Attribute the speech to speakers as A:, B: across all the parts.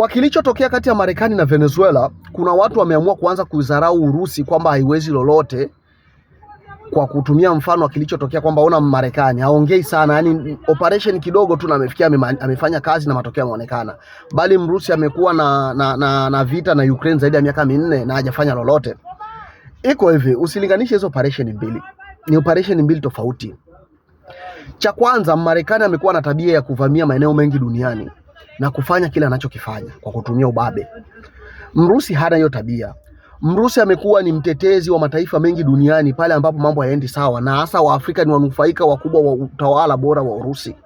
A: Kwa kilichotokea kati ya Marekani na Venezuela, kuna watu wameamua kuanza kuidharau Urusi kwamba haiwezi lolote, kwa kutumia mfano wa kilichotokea kwamba ona, Marekani haongei sana, yani operation kidogo tu na amefikia amefanya kazi na matokeo yameonekana, bali Mrusi amekuwa na, na, na, na vita na Ukraine zaidi ya miaka minne na hajafanya lolote. Iko hivi, usilinganishe hizo operation mbili, ni operation mbili tofauti. Cha kwanza, Marekani amekuwa na tabia ya kuvamia maeneo mengi duniani na kufanya kile anachokifanya kwa kutumia ubabe. Mrusi hana hiyo tabia. Mrusi amekuwa ni mtetezi wa mataifa mengi duniani pale ambapo mambo hayaendi sawa, na hasa Waafrika ni wanufaika wakubwa wa utawala bora wa Urusi.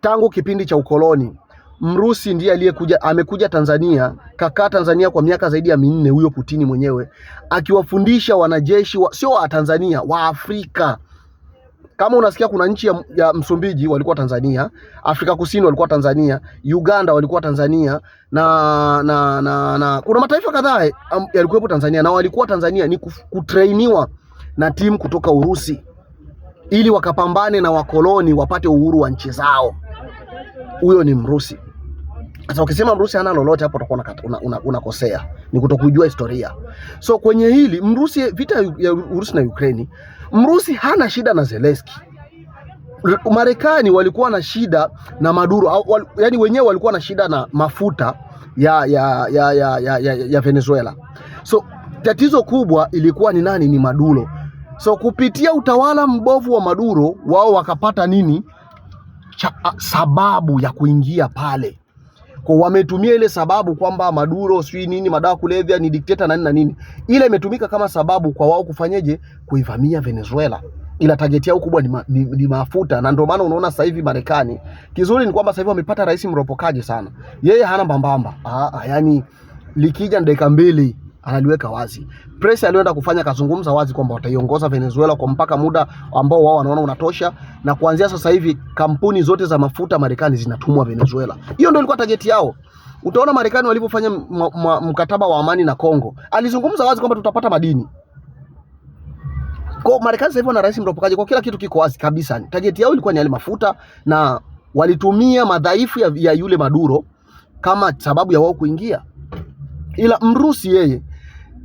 A: Tangu kipindi cha ukoloni, Mrusi ndiye aliyekuja, amekuja Tanzania, kakaa Tanzania kwa miaka zaidi ya minne, huyo Putini mwenyewe akiwafundisha wanajeshi wa, sio wa Tanzania, Waafrika kama unasikia kuna nchi ya, ya Msumbiji walikuwa Tanzania, Afrika Kusini walikuwa Tanzania, Uganda walikuwa Tanzania na, na, na, na kuna mataifa kadhaa yalikuwepo Tanzania na walikuwa Tanzania ni kutrainiwa na timu kutoka Urusi ili wakapambane na wakoloni wapate uhuru wa nchi zao. Huyo ni Mrusi. Sasa ukisema Mrusi hana lolote hapo utakuwa unakosea, una, una ni kutokujua historia. So kwenye hili Mrusi, vita ya Urusi na Ukraine, Mrusi hana shida na Zelensky. Marekani walikuwa na shida na Maduro au, wal, yani wenyewe walikuwa na shida na mafuta ya, ya, ya, ya, ya, ya, ya Venezuela. So tatizo kubwa ilikuwa ni nani? Ni Maduro. So kupitia utawala mbovu wa Maduro wao wakapata nini cha, sababu ya kuingia pale kwa wametumia ile sababu kwamba Maduro sijui nini madawa kulevya ni dikteta na nini na nini, ile imetumika kama sababu kwa wao kufanyeje, kuivamia Venezuela ila tageti yao kubwa ni, ma, ni, ni mafuta na ndio maana unaona sasa hivi Marekani, kizuri ni kwamba sasa hivi wamepata rais mropokaji sana, yeye hana mbambamba. Aa, ah, ah, yani likija ni dakika mbili analiweka wazi. Press aliyoenda kufanya kazungumza wazi kwamba wataiongoza Venezuela kwa mpaka muda ambao wao wanaona unatosha, na kuanzia sasa hivi kampuni zote za mafuta Marekani zinatumwa Venezuela. Hiyo ndio ilikuwa target yao. Utaona Marekani walivyofanya mkataba wa amani na Kongo, alizungumza wazi kwamba tutapata madini kwa Marekani. Sasa hivi wana rais mropokaji, kwa kila kitu kiko wazi kabisa. Target yao ilikuwa ni yale mafuta, na walitumia madhaifu ya, ya yule Maduro kama sababu ya wao kuingia, ila Mrusi yeye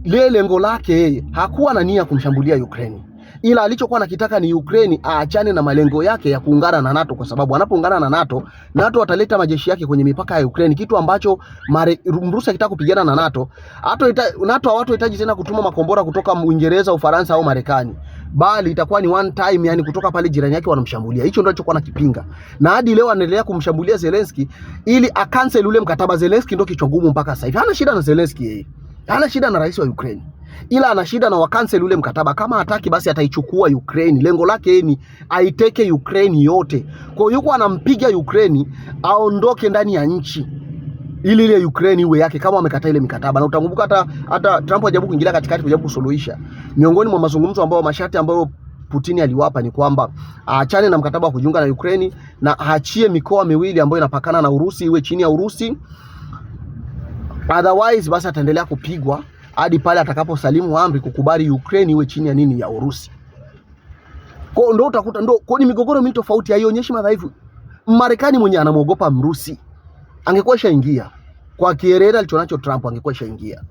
A: lile lengo lake yeye hakuwa na nia ya kumshambulia Ukraine, ila alichokuwa nakitaka ni Ukraine aachane na malengo yake ya kuungana na NATO, kwa sababu anapoungana na NATO, NATO ataleta majeshi yake kwenye mipaka ya Ukraine, kitu ambacho Urusi akitaka kupigana na NATO hata ita, NATO hitaji tena kutuma makombora kutoka Uingereza, Ufaransa au Marekani, bali itakuwa ni one time, yani kutoka pale jirani yake wanamshambulia. Hicho ndio alichokuwa nakipinga, na hadi leo anaendelea kumshambulia Zelensky ili akansel ule mkataba. Zelensky ndio kichwa ngumu mpaka sasa hivi, hana shida na Zelensky yeye hana shida na rais wa Ukraine, ila ana shida na wakansel ule mkataba. Kama hataki basi ataichukua Ukraine. Lengo lake ni aiteke Ukraine yote, kwa yuko anampiga Ukraine aondoke ndani ya nchi ili ile Ukraine iwe yake, kama amekata ile mikataba. Na utakumbuka hata hata Trump hajabu kuingilia katikati kujaribu kusuluhisha, miongoni mwa mazungumzo ambayo masharti ambayo Putin aliwapa ni kwamba aachane na mkataba wa kujiunga na Ukraine na aachie mikoa miwili ambayo inapakana na Urusi iwe chini ya Urusi otherwise basi ataendelea kupigwa hadi pale atakaposalimu amri kukubali Ukraine iwe chini ya nini ya Urusi. Kwa ndo utakuta ndo kwa ni migogoro mingi tofauti, haionyeshi madhaifu. Marekani mwenye anamwogopa Mrusi, angekuwa shaingia kwa kierera alichonacho Trump, angekuwa shaingia.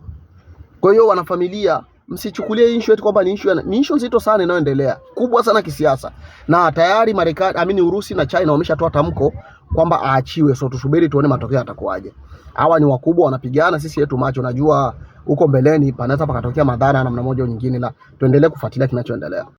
A: Kwa hiyo wanafamilia, msichukulie issue yetu kwamba ni issue, ni issue nzito sana inayoendelea kubwa sana kisiasa, na tayari Marekani amini Urusi na China wameshatoa tamko kwamba aachiwe, so tusubiri tuone matokeo yatakuwaje. Hawa ni wakubwa wanapigana, sisi yetu macho. Najua huko mbeleni panaweza pakatokea madhara namna moja au nyingine, la tuendelee kufuatilia kinachoendelea.